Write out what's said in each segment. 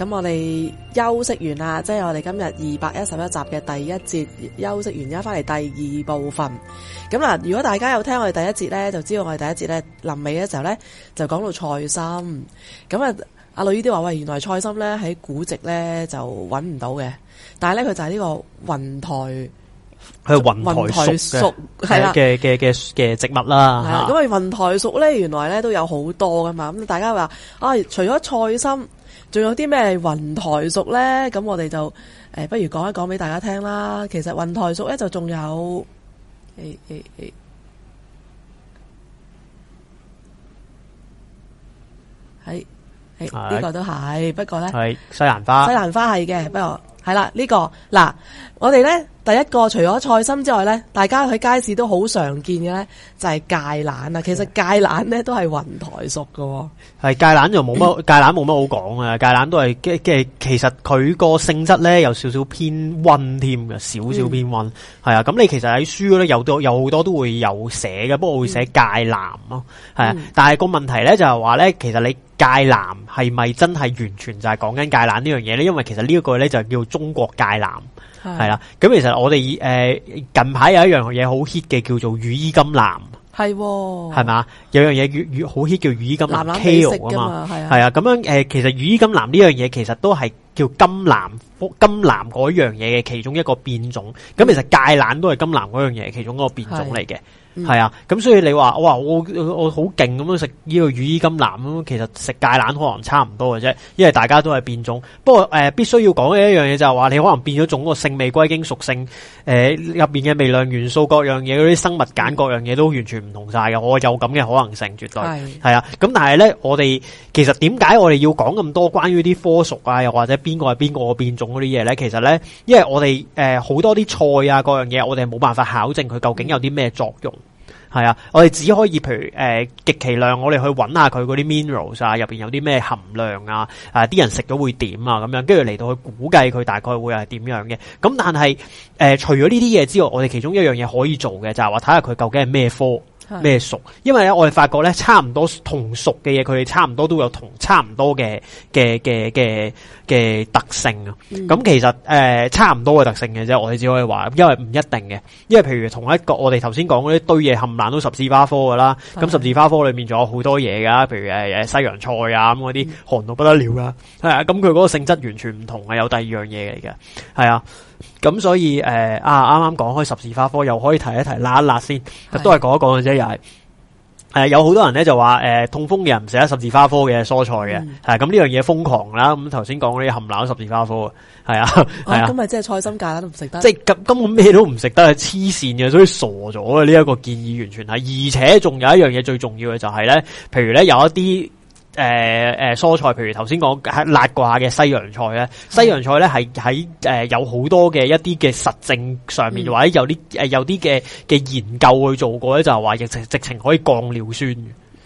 咁我哋休息完啦，即係我哋今日二百一十一集嘅第一節休息完，而家翻嚟第二部分。咁啊，如果大家有聽我哋第一節咧，就知道我哋第一節咧臨尾嘅時候咧，就講到菜心。咁啊，阿女呢啲話喂，原來菜心咧喺古籍咧就揾唔到嘅，但係咧佢就係呢個云台，佢云台屬嘅係啦嘅嘅嘅嘅植物啦。咁啊，雲台屬咧原來咧都有好多噶嘛。咁大家話啊，除咗菜心，仲有啲咩芸薹屬咧？咁我哋就誒、欸，不如講一講俾大家聽啦。其實芸薹屬咧就仲有誒誒誒，係、欸、係、欸欸呢個、的呢個都係，不過咧係西蘭花，西蘭花係嘅，不過係啦呢個嗱。我哋咧，第一個除咗菜心之外咧，大家喺街市都好常見嘅咧，就係、是、芥蘭啊。其實芥蘭咧都係芸薹屬噶，係芥蘭就冇乜芥蘭冇乜好講啊。芥蘭 都係嘅嘅，其實佢個性質咧有少少偏温添嘅，少少偏温係、嗯、啊。咁你其實喺書咧有都有好多都會有寫嘅，不過會寫芥蘭咯係啊。但係個問題咧就係話咧，其實你芥蘭係咪真係完全就係講緊芥蘭呢樣嘢咧？因為其實呢句咧就叫中國芥蘭。係啦，咁其實我哋誒、呃、近排，有一樣嘢好 hit 嘅，叫做羽衣甘藍，係係的嘛，有樣嘢越越好 hit 叫羽衣甘藍 kale 啊嘛，係啊，咁樣誒，其實羽衣甘藍呢樣嘢其實都係叫甘藍科甘藍嗰樣嘢嘅其中一個變種，咁、嗯、其實芥蘭都係甘藍嗰樣嘢其中一個變種嚟嘅。係、嗯、啊，咁、嗯、所以你話哇，我我好勁咁樣食呢個羽衣甘藍咁，其實食芥蘭可能差唔多嘅啫，因為大家都係變種。不過誒、呃，必須要講嘅一樣嘢就係、是、話，你可能變咗種個性味歸經屬性，誒入邊嘅微量元素各樣嘢嗰啲生物鹼各樣嘢都完全唔同晒嘅，我有咁嘅可能性，絕對係是啊。咁但係咧，我哋其實點解我哋要講咁多關於啲科屬啊，又或者邊個係邊個嘅變種嗰啲嘢咧？其實咧、啊，因為我哋誒好多啲菜啊，各樣嘢，我哋冇辦法考證佢究竟有啲咩作用。嗯係啊，我哋只可以，譬如誒，極、呃、其量我哋去揾下佢嗰啲 minerals 啊，入邊有啲咩含量啊，啊，啲人食咗會點啊，咁樣，跟住嚟到去估計佢大概會係點樣嘅。咁、嗯、但係誒、呃，除咗呢啲嘢之外，我哋其中一樣嘢可以做嘅，就係話睇下佢究竟係咩科。咩熟？因為咧、嗯呃，我哋發覺咧，差唔多同熟嘅嘢，佢哋差唔多都會有同差唔多嘅嘅嘅嘅嘅特性啊。咁其實誒，差唔多嘅特性嘅啫，我哋只可以話，因為唔一定嘅。因為譬如同一個，我哋頭先講嗰啲堆嘢冚爛都十字花科噶啦，咁對 十字花科裏面仲有好多嘢噶，譬如誒誒、呃、西洋菜啊咁嗰啲寒到不得了噶，係啊，咁佢嗰個性質完全唔同嘅，有第二樣嘢嚟嘅，係啊。咁所以誒、呃、啊，啱啱講開十字花科，又可以提一提，辣一辣先，是都係講一講嘅啫，又係誒，有好多人咧就話誒、呃，痛風嘅人唔食得十字花科嘅蔬菜嘅，係咁呢樣嘢瘋狂啦。咁頭先講嗰啲含冷十字花科，係啊係啊，咁咪即係菜心芥蘭都唔食得，即係根根本咩都唔食得，黐線嘅，所以傻咗嘅呢一個建議完全係。而且仲有一樣嘢最重要嘅就係、是、咧，譬如咧有一啲。誒誒、呃呃，蔬菜，譬如頭先講係辣掛嘅西洋菜咧，西洋菜咧係喺誒有好多嘅一啲嘅實證上面，嗯、或者有啲誒、呃、有啲嘅嘅研究去做過咧，就係、是、話直情直情可以降尿酸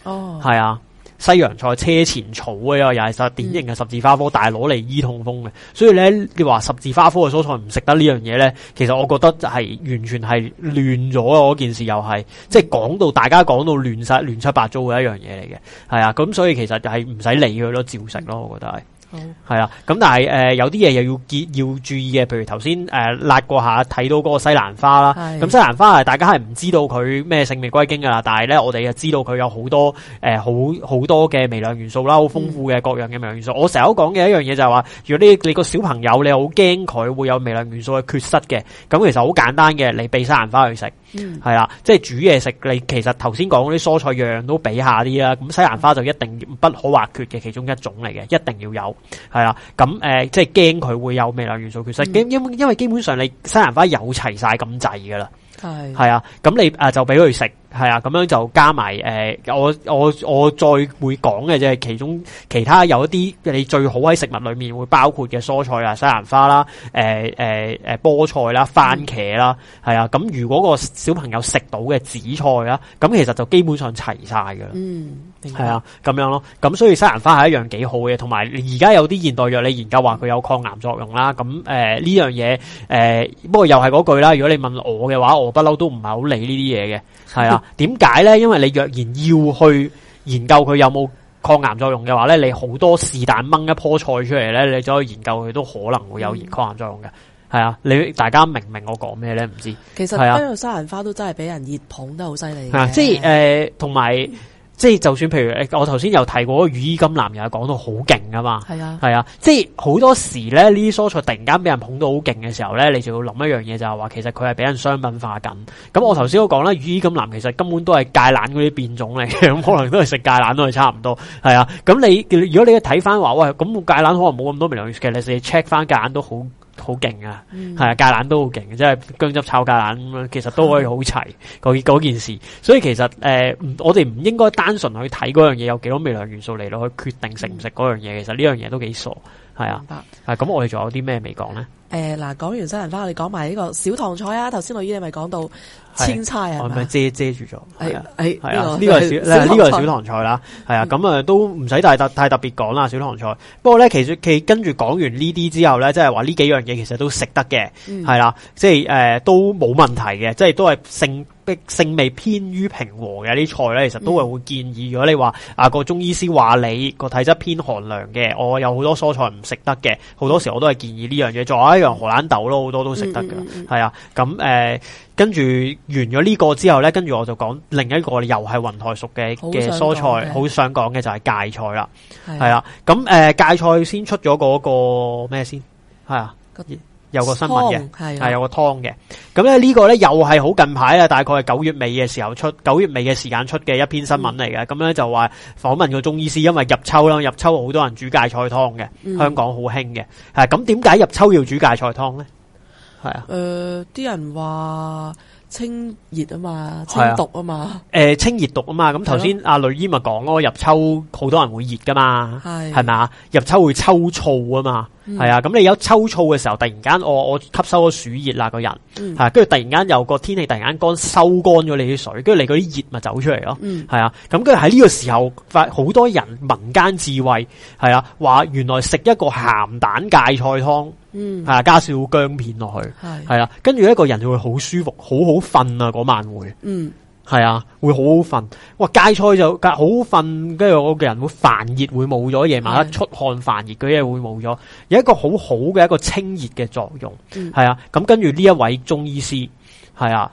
哦，係啊。西洋菜車前草啊，又係實典型嘅十字花科，大攞嚟醫痛風嘅。所以咧，你話十字花科嘅蔬菜唔食得呢樣嘢咧，其實我覺得就係完全係亂咗啊！嗰件事又係即係講到大家講到亂晒、亂七八糟嘅一樣嘢嚟嘅，係啊。咁所以其實就係唔使理佢咯，照食咯，我覺得係。係啦，咁但係誒、呃，有啲嘢又要結要注意嘅，譬如頭先誒，辣、呃、過下睇到嗰個西蘭花啦。咁是的 西蘭花係大家係唔知道佢咩性味歸經噶啦，但係咧我哋就知道佢有多、呃、好，好多誒好好多嘅微量元素啦，好豐富嘅各樣嘅微量元素。嗯、我成日講嘅一樣嘢就係話，如果你你個小朋友你好驚佢會有微量元素嘅缺失嘅，咁其實好簡單嘅，你俾西蘭花去食。係啦，即係煮嘢食，你其實頭先講嗰啲蔬菜樣都俾一下啲啦。咁西蘭花就一定不可或缺嘅其中一種嚟嘅，一定要有。係啦，咁誒、呃，即係驚佢會有微量元素缺失。基因、嗯、因為基本上你西蘭花有齊晒咁滯噶啦，係係啊，咁你誒就俾佢食。係啊，咁樣就加埋誒、呃，我我我再會講嘅即係，其中其他有一啲你最好喺食物裏面會包括嘅蔬菜啊，西蘭花啦，誒誒誒菠菜啦，番茄啦，係、嗯、啊，咁如果個小朋友食到嘅紫菜啦，咁其實就基本上齊晒㗎啦。係啊，咁樣咯，咁、嗯、所以西蘭花係一樣幾好嘅，同埋而家有啲現、現代藥理研究話佢有抗癌作用啦。咁誒呢樣嘢誒、呃，不過又係嗰句啦。如果你問我嘅話，我不嬲都唔係好理呢啲嘢嘅。係啊，點解咧？因為你若然要去研究佢有冇抗癌作用嘅話咧，你好多是但掹一棵菜出嚟咧，你再去研究佢都可能會有抗癌作用嘅。係啊，你大家明唔明我講咩咧？唔知。其實呢個西蘭花都真係俾人熱捧得好犀利嘅。即係誒，同埋。呃 即係就算譬如誒，我頭先又提過羽衣甘藍又係講到好勁㗎嘛，係啊，係啊，即係好多時咧，呢啲蔬菜突然間俾人捧到好勁嘅時候咧，你就要諗一樣嘢就係話，其實佢係俾人商品化緊。咁、嗯、我頭先都講啦，羽衣甘藍其實根本都係芥蘭嗰啲變種嚟嘅，咁可能都係食芥蘭都係差唔多，係啊。咁、嗯、你如果你要睇翻話，喂，咁芥蘭可能冇咁多微量元素，其實你 check 翻芥蘭都好。好勁啊，係啊，芥蘭都好勁，即係姜汁炒芥蘭咁樣，其實都可以好齊嗰件事。所以其實誒、呃，我哋唔應該單純去睇嗰樣嘢有幾多微量元素嚟，落去決定食唔食嗰樣嘢。其實呢樣嘢都幾傻。係啊，係咁，我哋仲有啲咩未講咧？誒，嗱，講完西蘭花，我哋講埋呢個小棠菜啊。頭先羅姨你咪講到青菜啊，咪遮遮住咗。係啊，係啊，呢個小呢個係小棠菜啦。係啊，咁啊都唔使太特太特別講啦。小棠菜，不過咧，其實佢跟住講完呢啲之後咧，即係話呢幾樣嘢其實都食得嘅，係啦，即係誒都冇問題嘅，即係都係性。性味偏於平和嘅啲菜咧，其實都係會建議。如果你話啊個中醫師話你個體質偏寒涼嘅，我有好多蔬菜唔食得嘅，好多時我都係建議呢樣嘢。仲有一樣荷蘭豆咯，好多都食得㗎，係啊、嗯。咁、嗯、誒，跟、嗯、住、呃、完咗呢個之後咧，跟住我就講另一個又係雲台熟嘅嘅蔬菜，好想講嘅就係芥菜啦，係啊的。咁誒的、呃，芥菜先出咗嗰、那個咩先係啊？有個新聞嘅，係湯有個湯嘅，咁咧呢個咧又係好近排啊，大概係九月尾嘅時候出，九月尾嘅時間出嘅一篇新聞嚟嘅，咁呢、嗯、就話訪問個中醫師，因為入秋啦，入秋好多人煮芥菜湯嘅，嗯、香港好興嘅，係咁點解入秋要煮芥菜湯呢？係啊，誒、呃，啲人話清熱啊嘛，清毒啊嘛，誒、啊呃，清熱毒啊嘛，咁頭先阿呂姨咪講咯，入秋好多人會熱噶嘛，係咪的？嘛，入秋會抽燥啊嘛。係啊，咁、嗯、你有秋燥嘅時候，突然間我我吸收咗暑熱啦，個人係，跟住、嗯啊、突然間有個天氣突然間乾收乾咗你啲水，跟住你嗰啲熱咪走出嚟咯，係、嗯、啊，咁跟住喺呢個時候，好多人民間智慧係啊，話原來食一個鹹蛋芥菜湯，嗯，係加少薑片落去，係係啦，跟住一個人就會好舒服，好好瞓啊，嗰、嗰個、晚會，嗯。係啊，會好瞓。哇，芥菜就好瞓，跟住我嘅人會煩熱，會冇咗夜晚一出汗煩熱佢嘢會冇咗，有一個好好嘅一個清熱嘅作用。係、嗯、啊，咁跟住呢一位中醫師，係啊，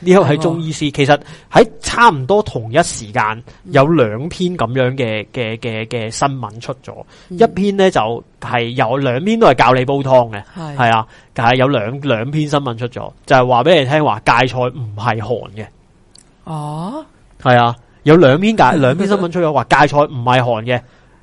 呢一位係中醫師。嗯、其實喺差唔多同一時間有兩篇咁樣嘅嘅嘅嘅新聞出咗，嗯、一篇呢就係、是、有兩篇都係教你煲湯嘅，係、嗯、啊，但係有兩兩篇新聞出咗，就係話俾你聽話芥菜唔係寒嘅。啊，係啊，有兩篇解，兩篇新聞出咗話芥菜唔係寒嘅，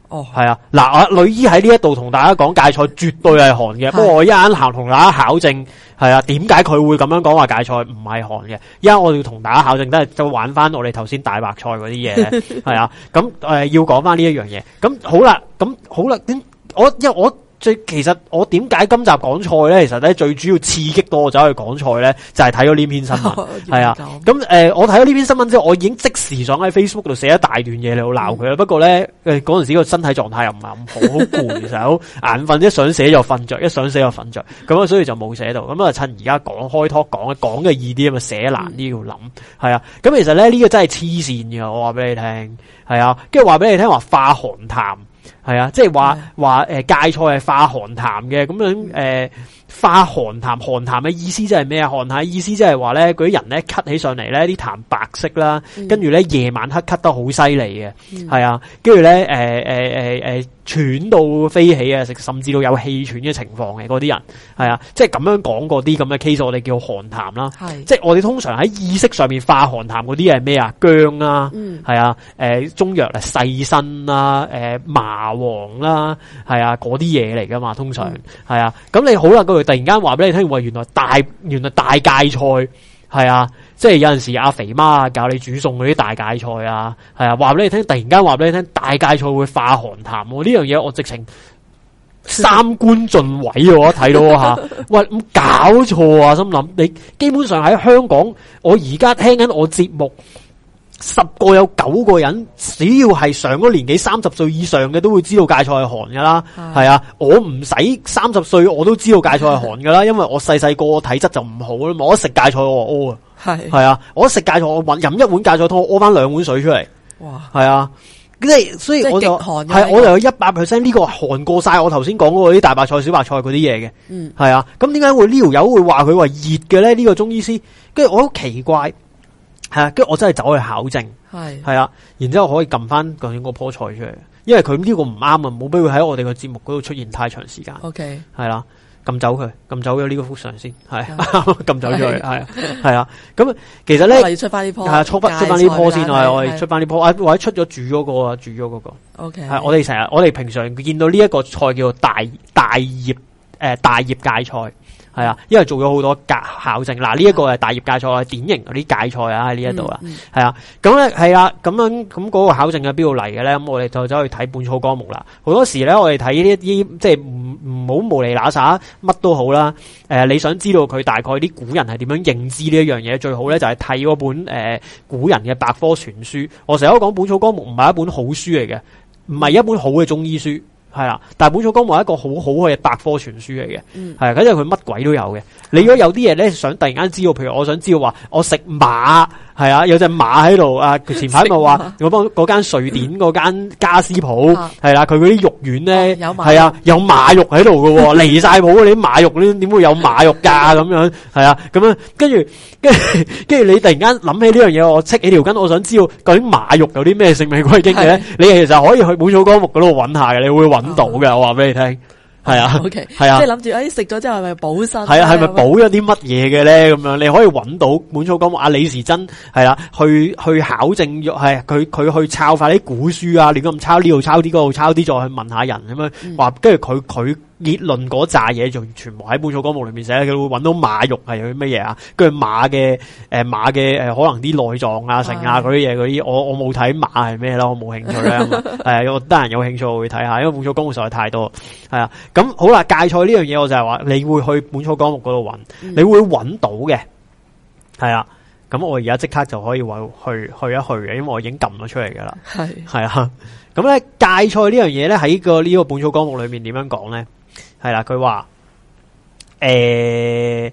哦，係啊，嗱，阿女醫喺呢一度同大家講芥菜絕對係寒嘅，的不過我一陣間同大家考證，係啊，點解佢會咁樣講話芥菜唔係寒嘅？一我哋要同大家考證都係就玩翻我哋頭先大白菜嗰啲嘢，係啊， 咁、嗯、誒、呃、要講翻呢一樣嘢，咁、嗯、好啦，咁好啦，咁、嗯、我因為我。最其實我點解今集講菜咧？其實咧最主要刺激到我走去講菜咧，就係睇咗呢篇新聞，係啊。咁誒，我睇咗呢篇新聞之後，我已經即時想喺 Facebook 度寫一大段嘢嚟好鬧佢啦。不過咧，誒嗰陣時個身體狀態又唔係咁好，好攰其實好眼瞓，一想寫就瞓着，一想寫就瞓着。咁啊，所以就冇寫到。咁啊，趁而家講開拖講，講嘅易啲啊嘛，寫難啲要諗，係啊。咁其實咧呢個真係黐線嘅，我話俾你聽，係啊。跟住話俾你聽話化寒談。係啊，即係話話誒，芥菜係化寒痰嘅，咁樣誒、呃，化寒痰，寒痰嘅意思即係咩啊？寒痰意思即係話咧，嗰啲人咧咳起上嚟咧，啲痰白色啦，跟住咧夜晚黑咳得好犀利嘅，係、嗯、啊，跟住咧誒誒誒誒。呃呃呃呃呃喘到飛起啊！甚至到有氣喘嘅情況嘅嗰啲人，係啊，即係咁樣講嗰啲咁嘅 case，我哋叫寒痰啦，是即係我哋通常喺意識上面化寒痰嗰啲係咩啊？薑、嗯、啊，係、呃、啊，誒，中藥嚟細辛啦，誒，麻黃啦，係啊，嗰啲嘢嚟噶嘛，通常係、嗯、啊，咁你好啦，佢突然間話俾你聽，話原來大，原來大芥菜，係啊。即係有陣時阿肥媽教你煮餸嗰啲大芥菜啊，係啊，話俾你聽，突然間話俾你聽大芥菜會化寒痰，啊，呢樣嘢我直情三觀盡毀啊！我睇到啊吓， 喂，咁搞錯啊！心諗你基本上喺香港，我而家聽緊我節目，十個有九個人，只要係上咗年紀三十歲以上嘅，都會知道芥菜係寒噶啦，係 啊，我唔使三十歲，我都知道芥菜係寒噶啦，因為我細細個體質就唔好啦，我一食芥菜我屙啊。係係啊！我食芥菜，我飲一碗芥菜湯，我屙翻兩碗水出嚟。哇！係啊，即係所以我就係我就有一百 percent 呢個寒過晒我頭先講嗰啲大白菜、小白菜嗰啲嘢嘅。嗯，係啊。咁點解我呢位友會話佢話熱嘅咧？呢、呢個中醫師，跟住我好奇怪。係啊，跟住我真係走去考證。係係啊，然之後可以撳翻嗰個棵菜出嚟，因為佢呢個唔啱啊，冇俾佢喺我哋嘅節目嗰度出現太長時間。O K，係啦。撳走佢，撳走咗呢個幅相先，係撳 走咗它佢，係係啊。咁、嗯、其實咧，出翻呢棵，係初芥菜 出翻呢棵先，是是我哋出翻呢棵，或者出咗煮嗰個啊，煮咗嗰個。O K，係我哋成日，我哋平常見到呢一個菜叫做大大葉誒、呃、大葉芥菜。係啊，因為做咗好多格考證，嗱，呢一個係大葉芥菜啊，典型嗰啲芥菜啊，喺呢一度啊，係啊，咁咧係啦，咁樣咁嗰，那個考證喺邊度嚟嘅咧？咁我哋就走去睇《本草綱目》啦。好多時咧，我哋睇呢一啲即係唔唔好無厘那啥，乜都好啦。誒，呃，你想知道佢大概啲古人係點樣認知呢一樣嘢，最好咧就係睇嗰本誒，呃、古人嘅百科全書。我成日都講《本草綱目》唔係一本好書嚟嘅，唔係一本好嘅中醫書。係啦，但係本草綱目係一個好好嘅百科全書嚟嘅，係、嗯，咁因為佢乜鬼都有嘅。嗯、你如果有啲嘢咧，你想突然間知道，譬如我想知道話，我食馬。係啊，有隻馬喺度啊！佢前排咪話我幫嗰間瑞典嗰間家私鋪，係啦，佢嗰啲肉丸咧，係、哦、啊，有馬肉喺度噶，離晒譜。你啲馬肉咧，點會有馬肉噶咁 樣？係啊，咁樣跟住跟住跟住，跟你突然間諗起呢樣嘢，我戚起條筋，我想知道究竟馬肉有啲咩性味歸經嘅？是你其實可以去本草綱目嗰度揾下嘅，你會揾到嘅。 我話俾你聽。係啊，係 Okay, 啊，即係諗住誒食咗之後係咪補身？係啊，係咪補咗啲乜嘢嘅咧？咁樣 你可以搵到本草綱目阿李時珍係啦，啊，去去考證，係佢佢去抄翻啲古書啊，亂咁抄呢度抄啲嗰度抄啲，再去問下人咁樣話，跟住佢佢。嗯結論嗰扎嘢，就全部喺本草綱目裏面寫，佢會揾到馬肉係有啲乜嘢啊？跟住馬嘅誒馬嘅誒可能啲內臟啊剩啊嗰啲嘢嗰啲，我我冇睇馬係咩啦，我冇興趣啦。係我得閒有興趣我會睇下，因為本草綱目實在太多。係啊，咁好啦，芥菜呢樣嘢我就係話你會去本草綱目嗰度揾，嗯、你會揾到嘅。係啊，咁我而家即刻就可以話去去一去嘅，因為我已經撳咗出嚟噶啦。係係啊，咁咧芥菜呢樣嘢咧喺個呢、這個本草綱目裏面點樣講咧？係啦，佢話誒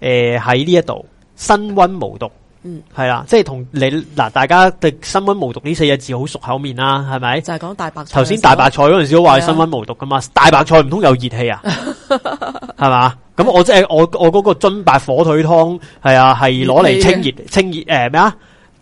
誒喺呢一度辛溫無毒，嗯係啦，即係同你嗱，大家嘅辛溫無毒呢四隻字好熟口面啦，係咪？就係講大白菜，頭先大白菜嗰陣時都話辛溫無毒噶嘛，的大白菜唔通有熱氣啊？係嘛？ 咁我即係我我嗰個津白火腿湯，係啊，係攞嚟清熱清熱誒咩啊？呃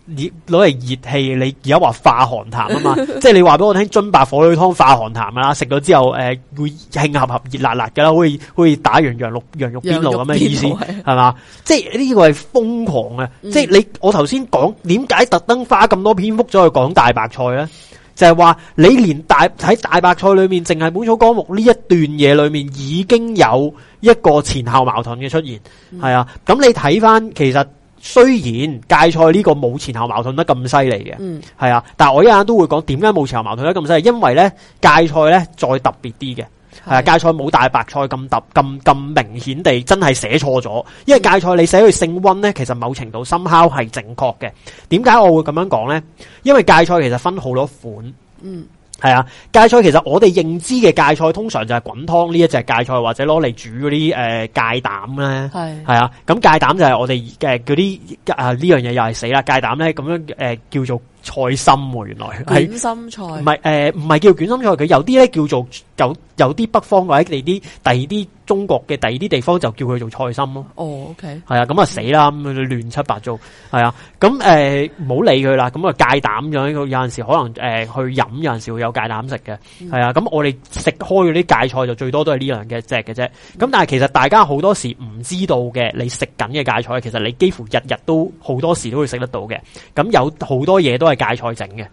熱攞嚟熱氣，你而家話化寒痰啊嘛？ 即係你話俾我聽，津白火腿湯化寒痰啦。食咗之後，誒、呃、會慶合合熱辣辣噶啦，會會打完羊羊肉羊肉邊爐咁嘅意思，係嘛吧？即係呢個係瘋狂啊！嗯、即係你我頭先講點解特登花咁多篇幅咗去講大白菜咧，就係、是、話你連大喺大白菜裏面，淨係本草綱目呢一段嘢裏面，已經有一個前後矛盾嘅出現。係、嗯、啊、咁、嗯、你睇翻其實。其實雖然芥菜呢個冇，前後矛盾得咁犀利嘅，係、嗯、啊，但係我一陣都會講點解冇，前後矛盾得咁犀利，因為呢，芥菜呢，再特別啲嘅，係啊係芥菜冇大白菜咁突咁咁明顯地真係寫錯咗，因為芥菜你寫佢性溫呢，其實某程度深烤係正確嘅。點解我會咁樣講呢？因為芥菜其實分好多款，嗯。係啊，芥菜其實我哋認知嘅芥菜通常就係滾湯呢一隻芥菜，或者攞嚟煮嗰啲誒芥膽咧。係係啊，咁芥膽就係我哋誒嗰啲啊呢樣嘢，又係死啦！芥膽咧咁樣誒、呃、叫做。菜心喎、啊，原來係卷心菜唔係誒，唔係、呃、叫卷心菜，佢有啲咧叫做有有啲北方或者你啲第二啲中國嘅第二啲地方就叫佢做菜心咯。哦，OK，係啊，咁、哦 okay. 啊死啦咁亂七八糟，係啊，咁誒唔好理佢啦，咁啊芥膽咁樣，有陣時可能誒、呃、去飲，有陣時會有芥膽食嘅，係啊，咁我哋食開嗰啲芥菜就最多都係呢樣嘅隻嘅啫。咁但係其實大家好多時唔知道嘅，你食緊嘅芥菜，其實你幾乎日日都好多時都會食得到嘅。咁有好多嘢都係。芥菜整嘅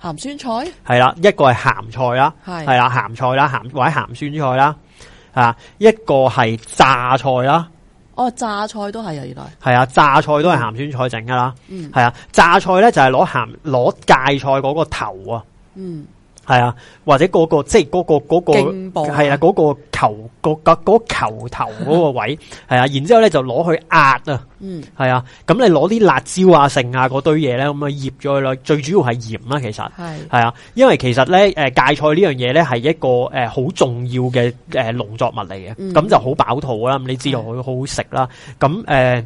鹹酸菜係啦，一個係鹹菜啦，係係啦鹹菜啦鹹或者鹹酸菜啦，啊一個係榨菜啦，哦榨菜、啊、榨菜都係啊，原來係啊，榨菜都係鹹酸菜整噶啦，嗯係啊，榨菜咧就係攞鹹攞芥菜嗰個頭啊，嗯。係啊，或者嗰、那個即係嗰、那個嗰、那個係啊，嗰、啊那個球嗰、那個球頭嗰個位係啊，然之後咧就攞去壓、嗯、啊，嗯，係啊、嗯，咁你攞啲辣椒啊、剩啊嗰堆嘢咧，咁啊醃咗佢咯，最主要係鹽啦，其實係係啊，因為其實咧誒芥菜呢樣嘢咧係一個誒好、呃、重要嘅誒農作物嚟嘅，咁、嗯、就好飽肚啦，咁你知道佢好好食啦，咁誒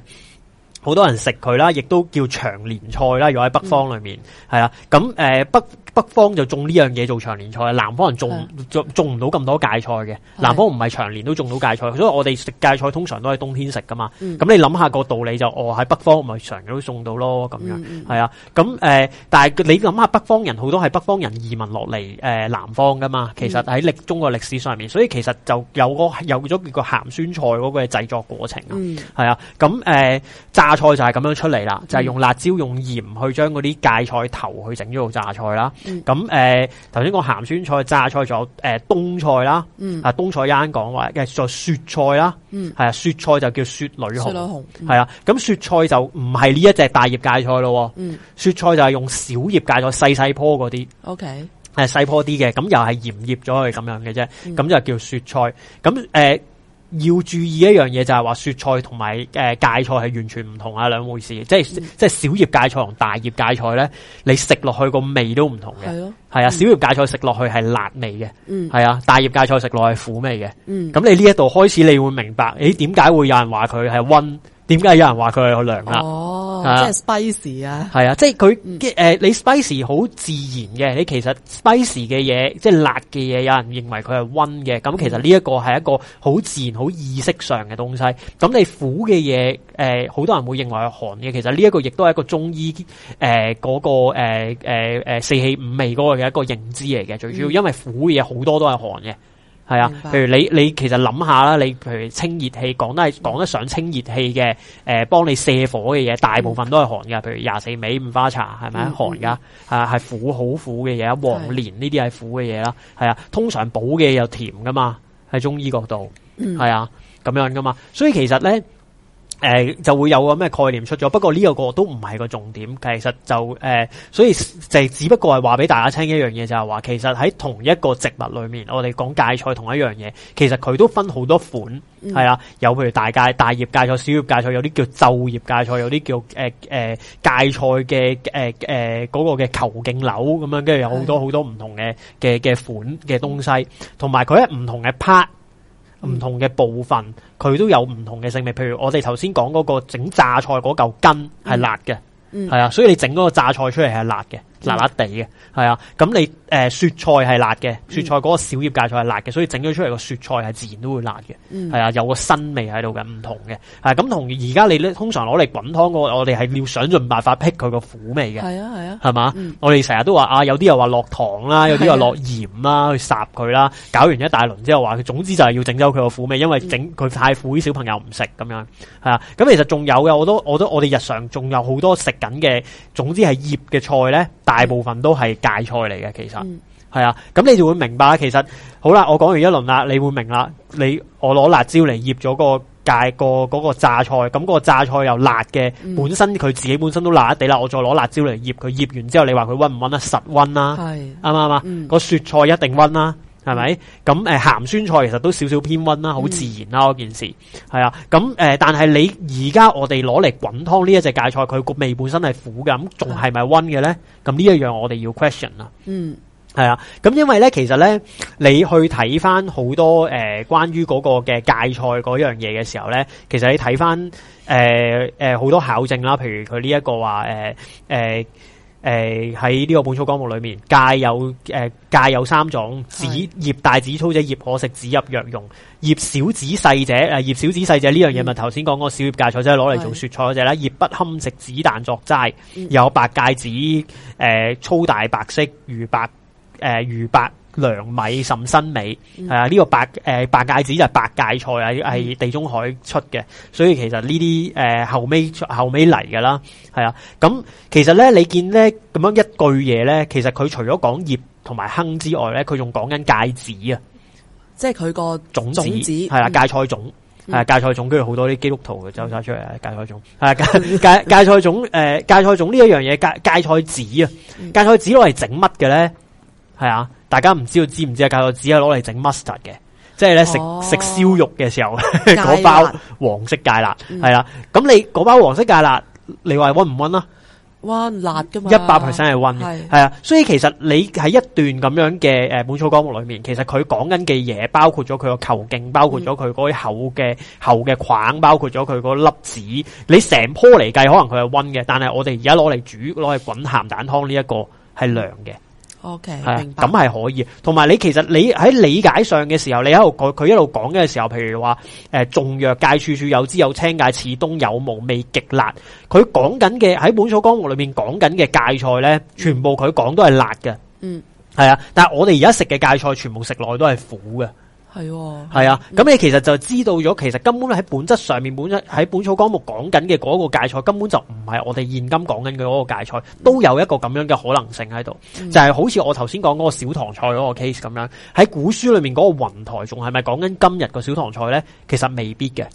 好多人食佢啦，亦都叫長年菜啦，如果喺北方裏面係啊，咁、啊、誒北，北。北方就種呢樣嘢做長年菜，南方人種是的 種唔到咁多芥菜嘅。南方唔係長年都種到芥菜，是的 所以我哋食芥菜通常都係冬天食噶嘛。咁、嗯、你諗下個道理就，我、哦、喺北方咪常年都送到咯咁樣，係啊。咁誒，但係、呃、你諗下北方人好多係北方人移民落嚟誒南方噶嘛，其實喺歷中國歷史上面，所以其實就有個有咗個咸酸菜嗰個製作過程啊。係啊、嗯嗯，咁、嗯、誒、呃，榨菜就係咁樣出嚟啦，就係、是、用辣椒用鹽去將嗰啲芥菜頭去整咗做榨菜啦。咁誒，頭先講鹹酸菜、榨菜仲有誒冬菜啦，嗯啊冬菜啱啱講話，跟住再雪菜啦，嗯係啊雪菜就叫雪女紅，係啊，咁、嗯、雪菜就唔係呢一隻大葉芥菜咯，嗯雪菜就係用小葉芥菜細細棵嗰啲，OK 係細棵啲嘅，咁又係鹽醃咗佢咁樣嘅啫，咁、嗯、就叫雪菜，咁誒。呃要注意一樣嘢就係話雪菜同埋誒芥菜係完全唔同啊兩回事，即係、嗯、即係小葉芥菜同大葉芥菜咧，你食落去個味都唔同嘅。係咯、係啊、嗯，小葉芥菜食落去係辣味嘅，係啊、嗯，大葉芥菜食落去苦味嘅。嗯，咁你呢一度開始你會明白，誒點解會有人話佢係溫？點解有人話佢係好涼啊？哦，即係 spicy 啊，係啊，即係佢誒，你 spicy 好自然嘅，你其實 spicy 嘅嘢，即係辣嘅嘢，有人認為佢係溫嘅，咁其實呢一個係一個好自然、好意識上嘅東西。咁你苦嘅嘢，誒、呃，好多人會認為係寒嘅，其實呢一個亦都係一個中醫誒嗰、呃那個誒誒誒四氣五味嗰個嘅一個認知嚟嘅。最主要因為苦嘢好多都係寒嘅。係啊，譬如你你其實諗下啦，你譬如清熱氣，講得係講得上清熱氣嘅，誒、呃，幫你瀉火嘅嘢，大部分都係寒嘅，譬如廿四味五花茶，係咪、嗯、寒噶？係啊，係苦好苦嘅嘢，黃連呢啲係苦嘅嘢啦，係啊，通常補嘅嘢又甜噶嘛，喺中醫角度，係啊，咁樣噶嘛，所以其實咧。誒、呃、就會有個咩概念出咗，不過呢個個都唔係個重點。其實就誒、呃，所以就只不過係話俾大家聽一樣嘢、就是，就係話其實喺同一個植物裡面，我哋講芥菜同一樣嘢，其實佢都分好多款，係、嗯、啦，有譬如大芥、大葉芥菜、小葉芥菜，有啲叫皺葉芥菜，有啲叫誒誒芥菜嘅誒誒嗰個嘅球莖柳咁樣，跟住有好多好、嗯、多唔同嘅嘅嘅款嘅東西，同埋佢喺唔同嘅 part。唔同嘅部分，佢都有唔同嘅性味。譬如我哋頭先講個整榨菜嗰嚿根係辣嘅，係啊、嗯，所以你整個榨菜出嚟係辣嘅。辣辣地嘅，係啊，咁你誒雪菜係辣嘅，雪菜嗰個小葉芥菜係辣嘅，所以整咗出嚟個雪菜係自然都會辣嘅，係啊、嗯，有個新味喺度嘅，唔同嘅，係咁、嗯嗯啊、同而家你咧通常攞嚟滾湯嗰個，我哋係要想盡辦法辟佢個苦味嘅，係啊係啊，係嘛、嗯？我哋成日都話啊，有啲又話落糖啦，有啲又落鹽啦，去殺佢啦，搞完一大輪之後話，總之就係要整走佢個苦味，因為整佢太苦，啲小朋友唔食咁樣，係啊，咁、嗯嗯嗯嗯、其實仲有嘅，我都我都我哋日常仲有好多食緊嘅，總之係醃嘅菜咧。嗯、大部分都係芥菜嚟嘅。其實係啊，咁你就會明白，其實好啦，我講完一輪啦，你會明啦，你我攞辣椒嚟醃咗個芥、個嗰、個榨菜，咁、個榨菜又辣嘅，嗯、本身佢自己本身都辣一地啦，我再攞辣椒嚟醃佢，醃完之後你話佢溫唔溫啊？實溫啦，係啱嘛啱嘛，嗯、個雪菜一定溫啦、啊。係咪咁？誒，鹹酸菜、嗯、其實都少少偏溫啦，好自然啦，件事係啊。咁誒、嗯嗯，但係你而家我哋攞嚟滾湯呢一隻芥菜，佢個味本身係苦嘅，咁仲係咪溫嘅咧？咁呢一樣我哋要 question 啦。嗯，係啊。咁、嗯、因為咧，其實咧，你去睇翻好多誒、呃，關於嗰個嘅芥菜嗰樣嘢嘅時候咧，其實你睇翻誒誒好多考證啦，譬如佢呢一個話誒誒。呃呃誒喺呢個本草綱目裏面，芥有誒芥、呃、有三種，子葉大子粗者葉可食，子入藥用；葉小子細者，誒、啊、葉小子細者呢樣嘢咪頭先講嗰小葉芥菜即係攞嚟做雪菜嗰隻啦。葉不堪食，子但作齋。有白芥子，誒、呃、粗大白色如白，誒、呃、如白。涼米甚新美，係、嗯、啊？呢、這個白誒、呃、白芥子就係白芥菜啊，係地中海出嘅，嗯、所以其實呢啲誒後尾後尾嚟噶啦，係啊。咁、嗯、其實咧，你見咧咁樣一句嘢咧，其實佢除咗講葉同埋坑之外咧，佢仲講緊芥子啊，即係佢個種子係啊芥菜種係子芥、嗯、菜種，跟住好多啲基督徒嘅走晒出嚟芥菜種係芥芥芥菜種誒芥、呃、菜種呢一樣嘢芥芥菜籽啊芥菜籽攞嚟整乜嘅咧係啊？大家唔知道，知唔知啊？教我只係攞嚟整 mustard 嘅，即係咧食食燒肉嘅時候，嗰芥辣 包黃色芥辣係啦。咁、嗯、你嗰包黃色芥辣，你話溫唔溫啦？哇辣噶嘛？一百 percent 係溫，係啊是的。所以其實你喺一段咁樣嘅誒本草綱目裏面，其實佢講緊嘅嘢，包括咗佢個球莖，包括咗佢嗰啲厚嘅、嗯、厚嘅框，包括咗佢嗰粒籽。你成棵嚟計，可能佢係溫嘅，但係我哋而家攞嚟煮，攞嚟滾鹹蛋湯呢一個係涼嘅。O Okay , K，的明白，咁係可以。同埋，你其實你喺理解上嘅時候，你喺度佢佢一路講嘅時候，譬如話誒，重藥芥處處有之，有青芥，似菘有毛，味極辣。佢講緊嘅喺本草綱目裏面講緊嘅芥菜呢，全部佢講都係辣嘅。嗯，係啊。但係我哋而家食嘅芥菜，全部食落、嗯、去都係苦嘅。係喎，係啊，咁你其實就知道咗，其實根本喺本質上面，本喺《本草綱目》講緊嘅嗰個芥菜，根本就唔係我哋現今講緊嘅嗰個芥菜，都有一個咁樣嘅可能性喺度，嗯、就係好似我頭先講嗰個小唐菜嗰個 case 咁樣，喺古書裏面嗰個雲台仲係咪講緊今日個小唐菜呢？其實未必嘅。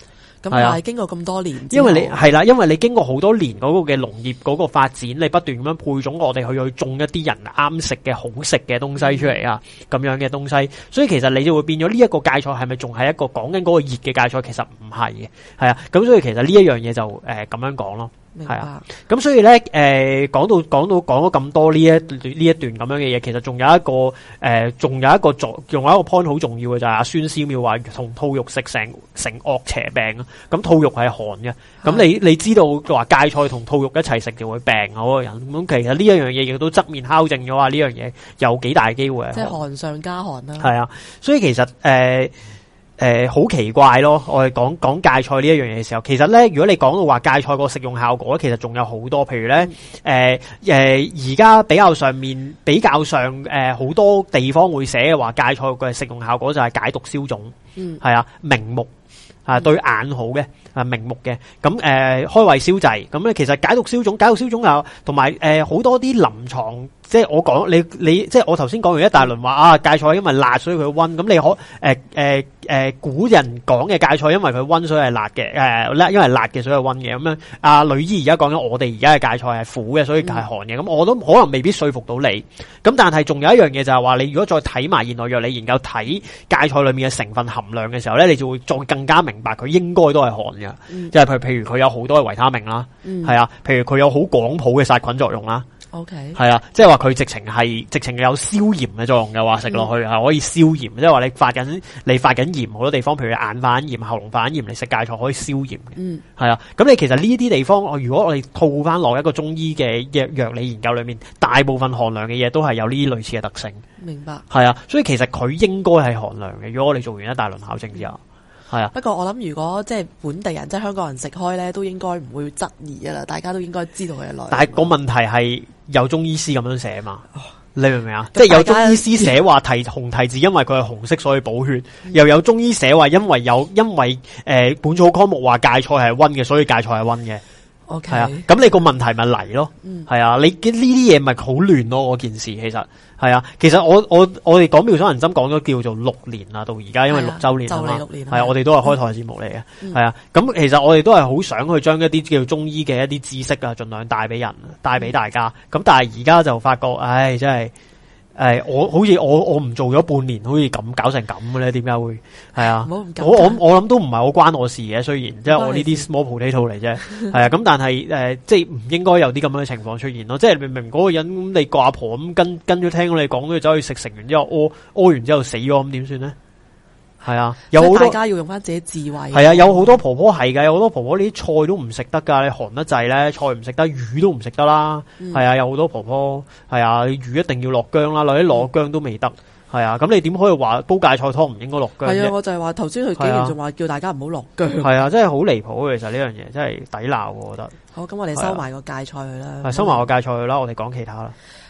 係經過咁多年，因為你係啦，因為你經過好多年嗰個嘅農業嗰個發展，你不斷咁樣配種，我哋去去種一啲人啱食嘅好食嘅東西出嚟啊，咁樣嘅東西，所以其實你就會變咗呢一個芥菜，係咪仲係一個講緊嗰個熱嘅芥菜？其實唔係嘅，係啊，咁所以其實呢一、呃、樣嘢就誒咁樣講咯。係啊，咁、嗯、所以咧，誒、呃，講到講到講咗咁多呢一呢一段咁樣嘅嘢，其實仲有一個，誒、呃，仲有一個重，另外一個 point 好重要嘅就係、是，孫思邈話同兔肉食成成惡邪病、嗯嗯、啊，咁兔肉係寒嘅，咁你你知道話芥菜同兔肉一齊食就會病嗰個人，咁、嗯、其實呢一樣嘢亦都側面考證咗啊，呢樣嘢有幾大機會。即係寒上加寒啦、啊。係啊、嗯嗯，所以其實誒。呃誒，好、呃、奇怪咯！我哋講講芥菜呢一樣嘢嘅時候，其實呢，如果你講到話芥菜個食用效果，其實仲有好多，譬如呢，誒、呃、誒、而、呃、家比較上面比較上，誒、呃、好多地方會寫嘅話，芥菜嘅食用效果就係解毒消腫，嗯，係啊，明目。啊，對眼好嘅，啊，明目嘅，咁誒開胃消滯，咁咧其實解毒消腫、解毒消腫有，同埋誒好多啲臨牀，即係我講你你，即係我頭先講完一大輪話啊，芥菜因為辣，所以佢温，咁你可誒誒誒古人講嘅芥菜因為佢温，所以係辣嘅，誒咧因為辣嘅所以係温嘅，咁樣啊，女醫而家講咗我哋而家嘅芥菜係苦嘅，所以係寒嘅，咁我都可能未必說服到你，咁但係仲有一樣嘢就係話你如果再睇埋現代藥理研究睇芥菜裡面嘅成分含量嘅時候咧，你就會再更加明。明白佢應該都係寒嘅，即係佢譬如佢有好多維他命啦，係、嗯、啊，譬如佢有好廣譜嘅殺菌作用啦，OK，係啊，即係話佢直情係直情有消炎嘅作用嘅，話食落去係可以消炎，嗯、即係話你發緊你發緊炎好多地方，譬如眼發炎、喉嚨發炎，你食芥菜可以消炎嘅，係、嗯、啊，咁你其實呢啲地方，我如果我哋套翻落一個中醫嘅藥藥理研究裏面，大部分寒涼嘅嘢都係有呢啲類似嘅特性，明白，係啊，所以其實佢應該係寒涼嘅，如果我哋做完一大輪考證之後。嗯係啊，不過我諗如果即係本地人，即係香港人食開咧，都應該唔會質疑噶啦，大家都應該知道佢嘅來歷。但係個問題係有中醫師咁樣寫嘛？哦、你明唔明啊？即係有中醫師寫話提紅提子，因為佢係紅色，所以補血；嗯、又有中醫寫話，因為有因為誒本草綱目話芥菜係溫嘅，所以芥菜係溫嘅。係 Okay. 啊，咁你個問題咪嚟咯？係、嗯、啊，你呢啲嘢咪好亂咯？嗰件事其實係啊，其實我我我哋講妙手銀針講咗叫做六年啦，到而家因為六周年啦，係啊，啊，我哋都係開台節目嚟嘅，係、嗯、啊，咁其實我哋都係好想去將一啲叫中醫嘅一啲知識啊，盡量帶俾人，帶俾大家。咁、嗯、但係而家就發覺，唉，真係。誒、哎，我好似我我唔做咗半年，好似咁搞成咁嘅咧？點解會係啊？我我諗都唔係好關我事嘅，雖然即係我呢啲 small 摸葡地土嚟啫，係啊。咁 但係誒、呃，即係唔應該有啲咁樣嘅情況出現咯。即係明明嗰個人咁，你個阿婆咁跟跟咗聽我哋講，去走去食食完之後屙屙完之後死咗咁點算咧？係啊，有好多大家要用翻自己智慧。係啊，有好多婆婆係嘅，有好多婆婆啲菜都唔食得噶，你寒得滯咧，菜唔食得，魚都唔食得啦。係啊，有好多婆婆係啊，魚一定要落薑啦，或者落薑都未得。係啊，咁你點可以話煲芥菜湯唔應該落薑啫？係啊，我就係話頭先佢竟然仲話叫大家唔好落薑。係啊，真係好離譜，其實呢樣嘢真係抵鬧，我覺得。好，咁我哋收埋個芥菜去啦。收埋個芥菜去啦，我哋講其他啦。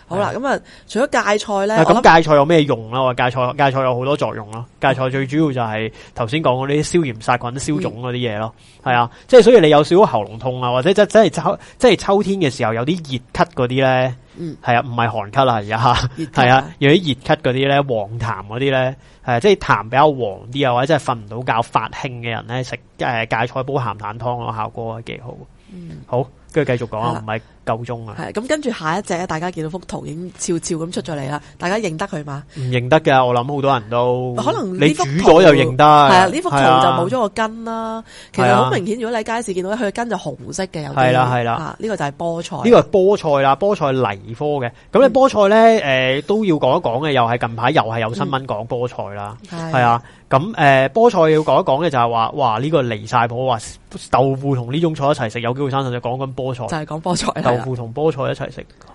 好啦，咁啊，除咗芥菜咧，咁、嗯、想芥菜有咩用啦？芥菜芥菜有好多作用咯，芥菜最主要就係頭先講嗰啲消炎殺菌消腫嗰啲嘢咯，係、嗯、啊，即係所以你有少少喉嚨痛、嗯、啊， 啊，啊即，或者真係即係秋天嘅時候有啲熱咳嗰啲咧，係啊，唔係寒咳啦而家，係啊，有啲熱咳嗰啲咧黃痰嗰啲咧，誒，即係痰比較黃啲啊，或者真係瞓唔到覺發興嘅人咧，食誒、呃、芥菜煲鹹蛋湯個效果係幾好。嗯、好，好，跟住繼續講啊，唔係。夠鐘啊！係咁，跟住下一隻咧，大家見到幅圖已經悄悄咁出咗嚟啦。大家認得佢嘛？唔認得嘅，我諗好多人都可能你煮咗又認得，係啊！呢幅圖就冇咗個根啦。其實好明顯，如果你喺街市見到佢嘅根就紅色嘅。有係啦，係啦，呢個就係菠菜。呢個菠菜啦，菠菜藜科嘅。咁你菠菜咧，誒都要講一講嘅，又係近排又係有新聞講菠菜啦。係啊，咁誒菠菜要講一講嘅就係話哇呢個離晒譜，話豆腐同呢種菜一齊食有機會生㗎，就講緊菠菜，就係講菠菜同菠菜一齊食係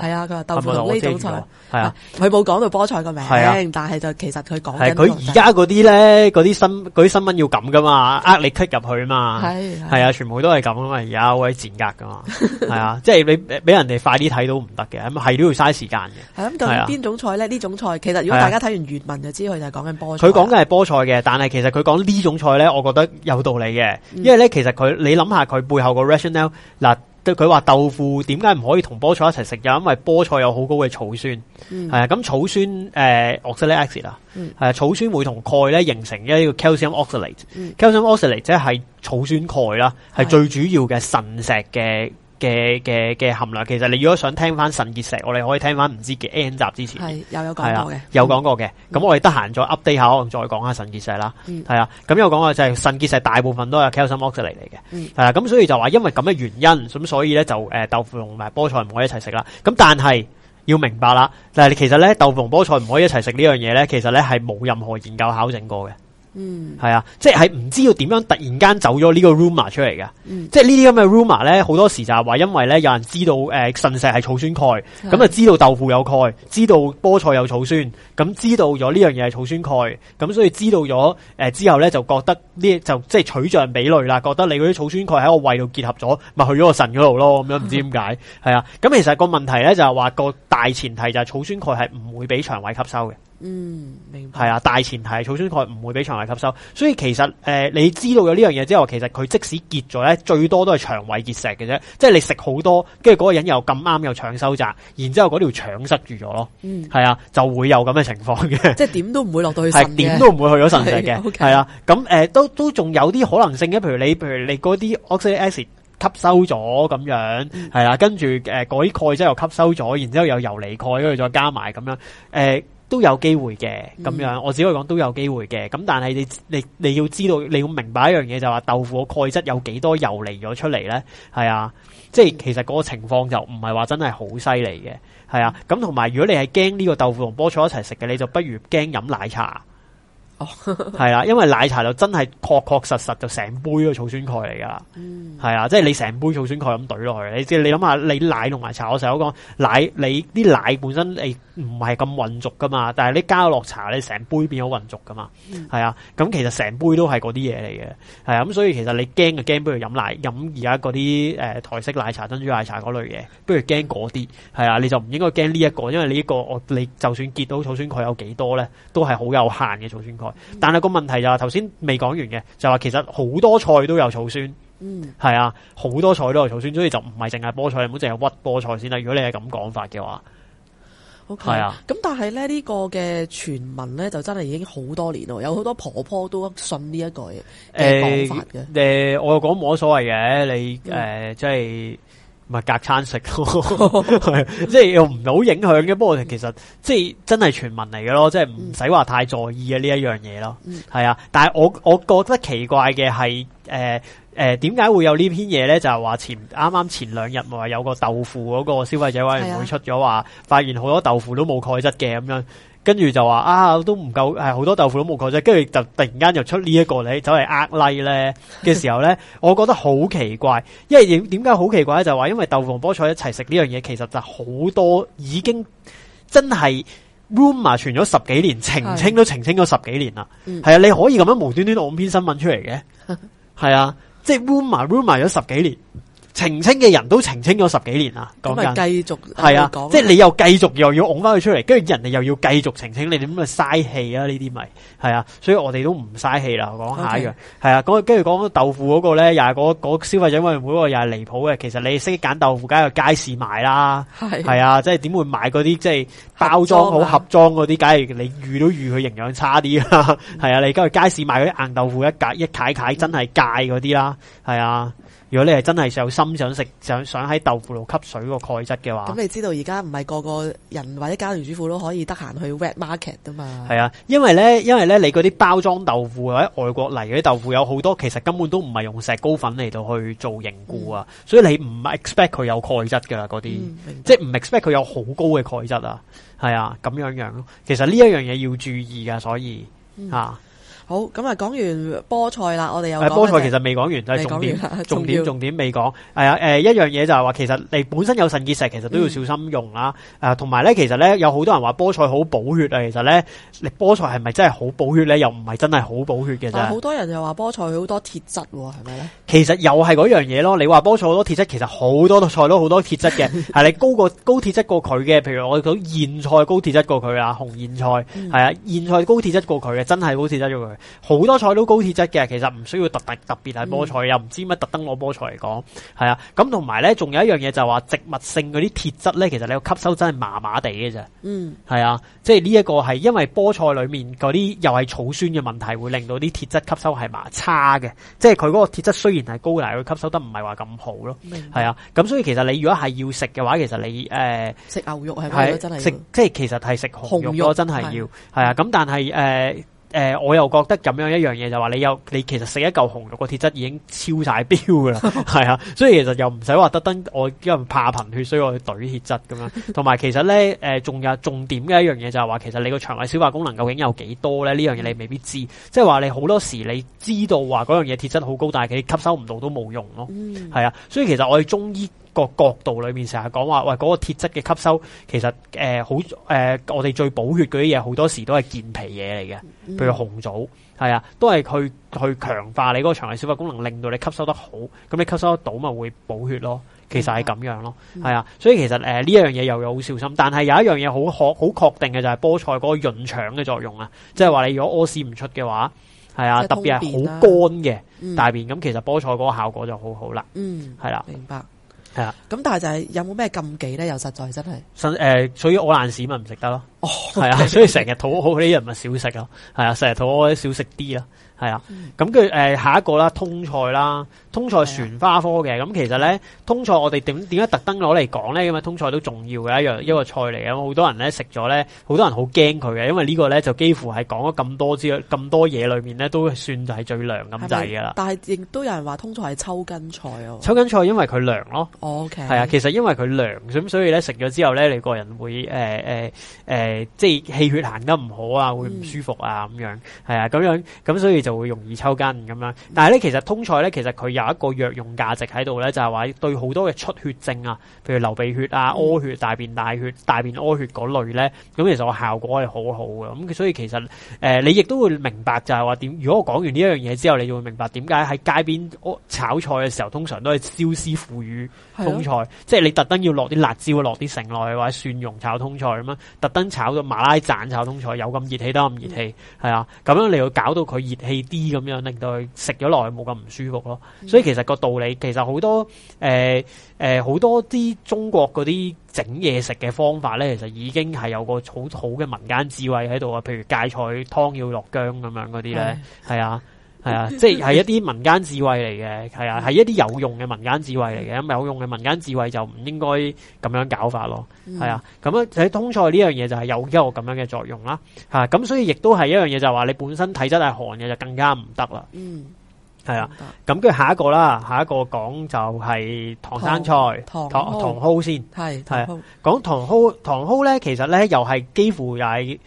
咪？係啊，佢話豆腐呢種菜係啊，佢冇講到菠菜個名，但係就其實佢講。係佢而家嗰啲咧，啲新嗰啲新聞要咁噶嘛，呃你 click 入去嘛，係係啊，全部都係咁啊嘛，有位剪格噶嘛，係啊，即係你俾人哋快啲睇到唔得嘅，咁係都要嘥時間嘅。係咁，咁邊種菜咧？呢種菜其實如果大家睇完原文就知佢就講緊菠菜。佢講嘅係菠菜嘅，但係其實佢講呢種菜咧，我覺得有道理嘅，因為咧其實佢你諗下佢背後個 rationale 嗱。對佢話豆腐點解唔可以同菠菜一齊食？就因為菠菜有好高嘅草酸，係、嗯、啊咁草酸誒 oxalate acid 啦，係、呃、啊、嗯、草酸會同鈣咧形成一個 calcium oxalate，calcium、嗯、oxalate 即係草酸鈣啦，係最主要嘅腎石嘅。嘅嘅嘅含量，其實你如果想聽翻腎結石，我哋可以聽翻唔知幾 N 集之前係有有講過嘅，有講過嘅。咁、嗯、我哋得閒再 update 下，再講下腎結石啦。係啊、嗯，咁有講過就係腎結石大部分都係 calcium oxalate 嚟嘅，係啊、嗯。咁所以就話因為咁嘅原因，咁所以咧就誒、呃、豆腐同埋菠菜唔可以一齊食啦。咁但係要明白啦，但係其實咧豆腐同菠菜唔可以一齊食呢樣嘢咧，其實咧係冇任何研究考證過嘅。.嗯，係 啊，即係唔知道點樣突然間走咗 呢個 rumor 出嚟嘅，即係呢啲咁嘅 rumor 咧，好多時就係話因為咧有人知道誒腎、呃、石係草酸鈣，咁啊的、嗯、知道豆腐有鈣，知道菠菜有草酸，咁知道咗呢樣嘢係草酸鈣，咁、嗯、所以知道咗誒、呃、之後咧就覺得呢就，就即係取象比類啦，覺得你嗰啲草酸鈣喺個胃度結合咗，咪去咗個腎嗰度咯，咁樣唔知點解係啊？咁其實個問題咧就係、是、話個大前提就係草酸鈣係唔會俾腸胃吸收嘅。嗯，明係啊，大前提草酸鈣唔會俾腸胃吸收，所以其實誒、呃，你知道咗呢樣嘢之後，其實佢即使結咗咧，最多都係腸胃結石嘅啫。即係你食好多，跟住嗰個人又咁啱又腸收窄，然之後嗰條腸塞住咗咯。嗯，係啊，就會有咁嘅情況嘅。即係點都唔會落到去腎嘅，點都唔會去咗腎石嘅。係啊，咁、okay、誒、呃，都都仲有啲可能性嘅。譬如你，譬如你嗰啲 oxalic acid 吸收咗咁樣，係啦、嗯，跟住誒嗰啲鈣質又吸收咗，然之後又游離鈣去再加埋咁樣，誒、呃。呃都有機會嘅咁樣，我只可以講都有機會嘅。咁但係你你你要知道，你要明白一樣嘢就話，是，豆腐嘅鈣質有幾多遊離咗出嚟呢？係啊，即係其實嗰個情況就唔係話真係好犀利嘅。係啊，咁同埋如果你係驚呢個豆腐同菠菜一齊食嘅，你就不如驚飲奶茶。係啊， 因為奶茶就真係確確實實就成杯個草酸鈣嚟噶啦，係啊、嗯，即係你成杯草酸鈣咁懟落去。你即係你諗下，你奶同埋茶，我成日都講奶，你啲奶本身你唔係咁渾濁噶嘛，但係你加落茶，你成杯變好渾濁噶嘛，係啊、嗯。咁其實成杯都係嗰啲嘢嚟嘅，係啊。咁所以其實你驚就驚，不如飲奶飲而家嗰啲台式奶茶珍珠奶茶嗰類嘢，不如驚嗰啲，係啊。你就唔應該驚呢一個，因為呢、這、一個我你就算結到草酸鈣有幾多咧，都係好有限嘅草酸鈣。但係個問題就係頭先未講完嘅，就話其實好多菜都有草酸，嗯，係啊，好多菜都有草酸，所以就唔係淨係菠菜，唔好淨係屈菠菜先啦。如果你係咁講法嘅話，OK，係啊。咁但係咧呢個嘅傳聞咧就真係已經好多年咯，有好多婆婆都信呢一句嘅講法嘅。誒、呃呃，我又講冇所謂嘅，你誒因為、呃、即係。唔係隔餐食咯， 即係又唔係好影響嘅。不過 其實即係真係傳聞嚟嘅咯，即係唔使話太在意啊呢一樣嘢咯。係啊、嗯，但係我我覺得奇怪嘅係誒誒，點、呃、解、呃、會有篇呢篇嘢咧？就係、是、話前啱啱前兩日咪話有個豆腐嗰個消費者委員會出咗話，發現好多豆腐都冇鈣質嘅咁樣。跟住就話啊都唔夠係好多豆腐都冇錯啫，跟住就突然間就出、like、呢一個你走嚟壓低咧嘅時候咧，我覺得好奇怪，因為點解好奇怪呢就話因為豆腐同菠菜一齊食呢樣嘢，其實就好多已經真係 rumor 傳咗十幾年，澄清都澄清咗十幾年啦。係啊的，你可以咁樣無端端噏篇新聞出嚟嘅，係啊， 即係 rumor rumor 咗十幾年。澄清嘅人都澄清咗十幾年啦，講緊係啊，即係你又繼續又要拱翻佢出嚟，跟住人哋又要繼續澄清，你點咪嘥氣啊？呢啲咪係啊，所以我哋都唔嘥氣啦。講下嘅係 Okay. 啊，跟住講豆腐嗰個咧，又係嗰嗰消費者委員會嗰個又係離譜嘅。其實你識揀豆腐，梗係去街市買啦，係啊，啊即係點會買嗰啲即係包裝好盒裝嗰啲？梗係你預都預佢營養差啲啊？係 啊，你而家去街市買嗰啲硬豆腐一格一攋攋，真係界嗰啲啦，係、嗯、啊。如果你係真係有心想食，想想喺豆腐度吸水個鈣質嘅話，咁你知道而家唔係個個人或者家庭主婦都可以得閒去 wet market 啊嘛。係啊，因為咧，因為咧，你嗰啲包裝豆腐或者外國嚟嗰啲豆腐有好多，其實根本都唔係用石膏粉嚟到去做凝固啊這樣這樣，所以你唔 expect 佢有鈣質㗎嗰啲，即係唔 expect 佢有好高嘅鈣質啊。係啊，咁樣樣咯。其實呢一樣嘢要注意噶，所以啊。好，咁啊，講完菠菜啦，我哋又菠菜其實未講完，就係重點，重點，還要 重點未講，係、哎、啊，誒、哎，一樣嘢就係話，其實你本身有腎結石，其實都要小心用啦。誒、嗯啊，同埋咧，其實咧有好多人話菠菜好補血啊，其實咧、啊，你菠菜係咪真係好補血咧？又唔係真係好補血嘅啫。好多人又話菠菜好多鐵質，係咪咧？其實又係嗰樣嘢咯。你話菠菜好多鐵質，其實好多菜都好多鐵質嘅，係 你高過高鐵質過佢嘅，譬如我哋講莧菜高鐵質過佢啊，紅莧菜係啊，莧、嗯、菜高鐵質過佢嘅，真係高鐵質過佢。嗯好多菜都高鐵質嘅，其實唔需要特別特特別係菠菜，嗯、又唔知乜特登攞菠菜嚟講，係啊。咁同埋咧，仲有一樣嘢就話植物性嗰啲鐵質咧，其實你個吸收真係麻麻地嘅咋。嗯，係啊，即係呢一個係因為菠菜裏面嗰啲又係草酸嘅問題，會令到啲鐵質吸收係麻差嘅。即係佢嗰個鐵質雖然係高，但係佢吸收得唔係話咁好咯。係明白 啊，咁所以其實你如果係要食嘅話，其實你誒食、呃、牛肉係咪真係食、啊、即係其實係食紅肉真係要係啊。咁但係誒。呃誒、呃，我又覺得咁樣一樣嘢就話、是、你有，你其實食一嚿紅肉個鐵質已經超晒標噶啦，係啊，所以其實又唔使話特登，我因為怕貧血，所以我去對鐵質咁樣。同埋其實咧，誒、呃，仲有重點嘅一樣嘢就係、是、話，其實你個腸胃消化功能究竟有幾多咧？呢樣嘢你未必知，即係話你好多時你知道話嗰樣嘢鐵質好高，但係佢吸收唔到都冇用咯，係、嗯、啊。所以其實我哋中醫。個角度裏面成日講話喂，嗰、嗰個鐵質嘅吸收其實誒、好、誒、我哋最補血嗰啲嘢好多時都係健脾嘢嚟嘅，嗯、譬如紅棗係啊，都係去去強化你嗰個腸胃消化功能，令到你吸收得好，咁你吸收得到咪會補血咯。其實係咁樣咯，係啊、嗯。所以其實誒呢一樣嘢又有好小心，但係有一樣嘢好確好確定嘅就係菠菜嗰個潤腸嘅作用啊，嗯、即係話你如果屙屎唔出嘅話，係啊，特別係好乾嘅大便，咁、嗯嗯、其實菠菜嗰個效果就好好啦。嗯，係啦、嗯，嗯、明白。係啊，咁但係就係有冇咩禁忌咧？又實在真係，身誒、嗯，所以我爛屎咪唔食得咯。哦，係啊，所以成日肚屙好啲人咪少食咯。係啊，成日肚屙啲少食啲啦。係啊，咁佢、嗯，住、嗯、下一個啦，通菜啦，通菜旋花科嘅，咁其實咧，通菜我哋點點解特登攞嚟講咧？咁啊，通菜都重要嘅一樣一個菜嚟啊！好多人咧食咗咧，好多人好驚佢嘅，因為呢個咧就幾乎係講咗咁多之咁多嘢裏面咧，都算係最涼咁滯噶啦。但係亦都有人話通菜係抽筋菜喎、啊。抽筋菜因為佢涼咯、哦、OK，係啊，其實因為佢涼，咁所以咧食咗之後咧，你個人會誒誒誒，即係氣血行得唔好啊，會唔舒服啊咁、嗯、樣，係啊，咁樣咁所以就。就會容易抽筋咁樣，但係咧其實通菜咧，其實佢有一個藥用價值喺度咧，就係話對好多嘅出血症啊，譬如流鼻血啊、屙血、大便大血、大便屙血嗰類咧，咁其實個效果係好好嘅。咁所以其實誒、呃，你亦都會明白就係話點。如果我講完呢一樣嘢之後，你就會明白點解喺街邊炒菜嘅時候，通常都係椒絲腐乳通菜，是啊、即係你特登要落啲辣椒、落啲城落或者蒜蓉炒通菜咁啊，特登炒到馬拉盞炒通菜，有咁熱氣得咁熱氣，係啊，咁樣你去搞到佢熱氣。係啲咁樣令到佢食咗落去冇咁唔舒服咯，所以其實個道理其實好多誒誒好多啲中國嗰啲整嘢食嘅方法咧，其實已經係有個好好嘅民間智慧喺度啊，譬如芥菜湯要落姜咁樣嗰啲咧，係、嗯、啊。係啊，即係係一啲民間智慧嚟嘅，係啊，係一啲有用嘅民間智慧嚟嘅，咁有用嘅民間智慧就唔應該咁樣搞法咯，係啊，咁樣喺通菜呢樣嘢就係有一個咁樣嘅作用啦，吓咁所以亦都係一樣嘢就係話你本身體質係寒嘅就更加唔得啦，嗯，係啊，咁跟住下一個啦，下一個講就係唐生菜，唐蒿先，係係啊，講唐蒿唐蒿咧，其實咧又係幾乎又係。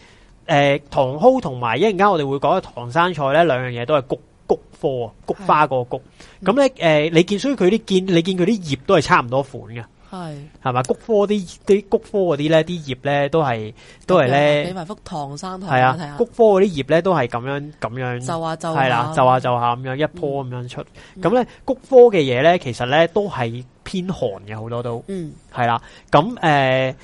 誒，唐蒿同埋一陣間我哋會講嘅唐生菜咧，兩樣嘢都係菊菊科啊，菊花個菊。咁咧，誒，你見所以佢啲見，你見佢啲葉都係差唔多款嘅。係。係咪？菊科啲啲菊科啲咧，啲葉咧都係都係咧。俾埋幅唐生菜。係啊。菊科嗰啲葉咧都係咁樣咁樣。就啊就。係啦，就啊就啊咁樣，一棵咁樣出。咁咧，菊科嘅嘢咧，其實咧都係偏寒嘅，好多都。嗯。係啦，咁誒。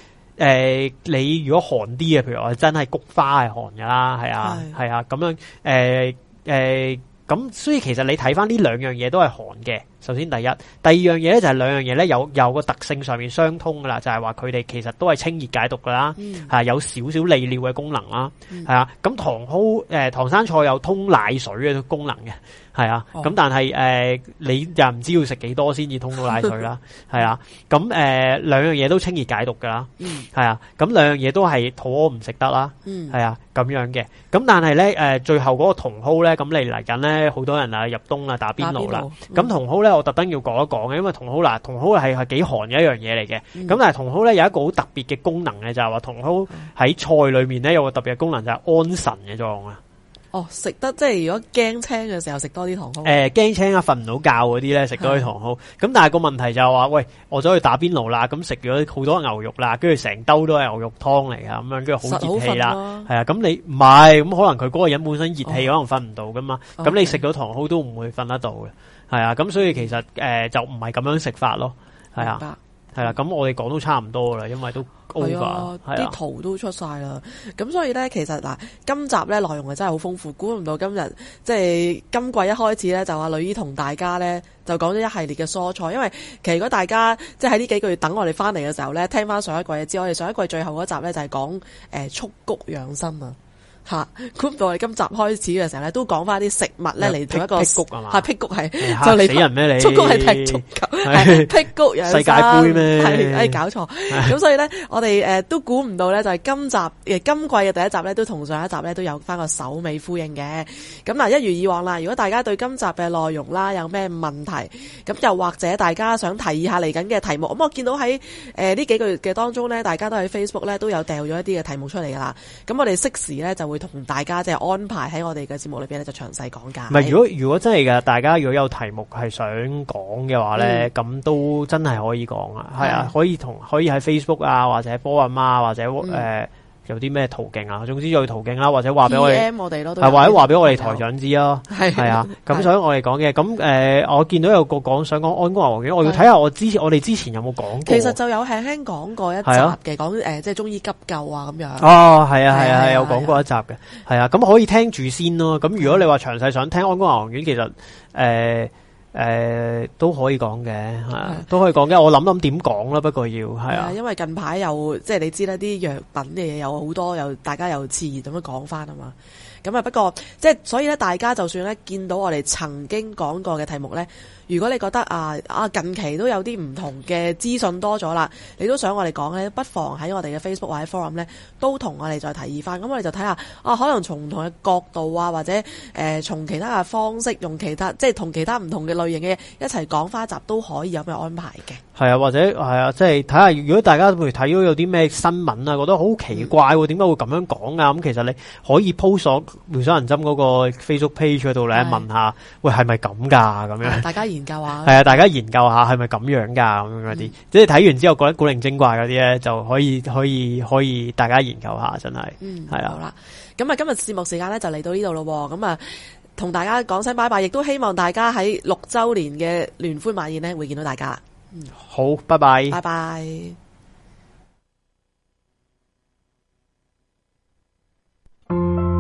誒、呃，你如果寒啲嘅，譬如我真係菊花係寒噶啦，係啊的，係啊，咁樣，誒、呃，誒、呃，咁所以其實你睇返呢兩樣嘢都係寒嘅。首先第一，第二樣嘢咧就係、是、兩樣嘢咧有有個特性上面相通噶啦，就係話佢哋其實都係清熱解毒噶啦，係、嗯、有少少利尿嘅功能啦，係啊、嗯。咁唐蒿誒、呃，唐生菜有通奶水嘅功能嘅。係啊，咁、嗯、但係誒、呃，你又唔知要食幾多先至通到奶水、 啊嗯、啦？係、嗯、啊，咁誒兩樣嘢都清熱解毒噶啦，係啊，咁兩樣嘢都係肚屙唔食得啦，係啊，咁樣嘅。咁但係咧，誒最後嗰個茼蒿咧，咁你嚟緊咧，好多人啊入冬啦打邊爐啦。咁茼蒿咧，我特登要講一講嘅，因為茼蒿嗱，茼蒿係係幾寒嘅一樣嘢嚟嘅。咁、嗯、但係茼蒿咧有一個好特別嘅功能嘅，就係話茼蒿喺菜裏面咧有個特別嘅功能就係、是、安神嘅作用啊。哦，食得即係如果驚青嘅時候食多啲茼蒿。誒、呃，驚青啊，瞓唔到覺嗰啲咧食多啲茼蒿。咁是的 但係個問題就係話、是，喂，我走去打邊爐啦，咁食咗好多牛肉啦，跟住成兜都係牛肉湯嚟噶，咁樣跟住好熱氣啦，係啊。咁你唔係，咁可能佢嗰個人本身熱氣、哦、可能瞓唔到噶嘛。咁、哦、你食咗茼蒿都唔會瞓得到嘅。係啊、哦 okay，咁所以其實誒、呃、就唔係咁樣食法咯。係啊。係啦，咁我哋講都差唔多啦，因為都 O 噶，啲的的圖都出晒啦。咁的所以呢，其實嗱，今集呢內容係真係好豐富。估唔到今日即係今季一開始呢，就阿呂姨同大家呢，就講咗一系列嘅蔬菜。因為其實如果大家即係喺呢幾個月等我哋翻嚟嘅時候呢，聽翻上一季嘅，知我哋上一季最後嗰集呢，就係講誒促谷養生啊。吓，估唔、啊、到我哋今集開始嘅時候咧，都講翻啲食物咧嚟有做一個辟谷係、啊、嘛，啊、辟谷係 就你來死人咩你？蹴鞠係踢足球， 啊、辟谷有 世界杯咩？係、哎、搞錯，咁、 啊、所以咧，我哋誒、呃、都估唔到咧，就係、是、今集誒今季嘅第一集咧，都同上一集咧都有翻個首尾呼應嘅。咁嗱，一如以往啦，如果大家對今集嘅內容啦有咩問題，咁又或者大家想提議下嚟緊嘅題目，咁我見到喺誒呢幾個月嘅當中咧，大家都喺 Facebook 咧都有掉咗一啲嘅題目出嚟噶啦。咁我哋適時咧就。會同大家即係安排喺我哋嘅節目裏邊咧，就詳細講解。唔係，如果如果真係噶，大家如果有題目係想講嘅話咧，咁、嗯、都真係可以講啊。係、嗯、啊，可以同可以喺 Facebook 啊，或者波阿、啊、媽或者誒。嗯呃有啲咩途徑啊？總之有途徑啦，或者話俾我哋，係或者話俾我哋台長知咯。係都有 啊，咁所以我哋講嘅咁誒，我見到有個講想講安宮牛黃丸，我要睇下我之前我哋之前有冇講過。其實就有輕輕講過一集嘅，講誒、啊呃、即係中醫急救啊咁樣。哦，係啊係啊，有講過一集嘅，係啊，咁可以聽住先咯、啊。咁如果你話詳細想聽安宮牛黃丸，其實誒。呃誒、呃，都可以講嘅，係嘅，都可以講嘅。我諗諗點講啦，不過要係啊，因為近排有，即係你知啦，啲藥品嘅嘢有好多，又大家又自然咁樣講翻啊嘛。咁啊，不過即係所以咧，大家就算咧見到我哋曾經講過嘅題目咧。如果你覺得啊啊近期都有啲唔同嘅資訊多咗啦，你都想我哋講咧，不妨喺我哋嘅 Facebook 或者 Forum 咧，都同我哋再提議翻。咁我哋就睇下啊，可能從唔同嘅角度啊，或者誒從、呃、其他嘅方式，用其他即係同其他唔同嘅類型嘅嘢一齊講翻集都可以有咩安排嘅？係啊，或者係啊，即係睇下如果大家譬如睇到有啲咩新聞啊，覺得好奇怪點解、嗯、會咁樣講啊？咁其實你可以 po 咗妙手銀針、嗰個 Facebook page 喺度嚟問下，的喂係咪咁㗎咁樣。樣大家。研究下，係啊、嗯！大家研究下是是，係咪咁樣噶咁樣啲，即係睇完之後覺得古靈精怪嗰啲咧，就可以可以可以大家研究下，真係，係啦、嗯。咁啊的，今日節目時間咧就嚟到呢度咯。咁啊，同大家講聲拜拜，亦都希望大家喺六周年嘅聯歡晚宴咧會見到大家。嗯、好，拜拜，拜拜。拜拜。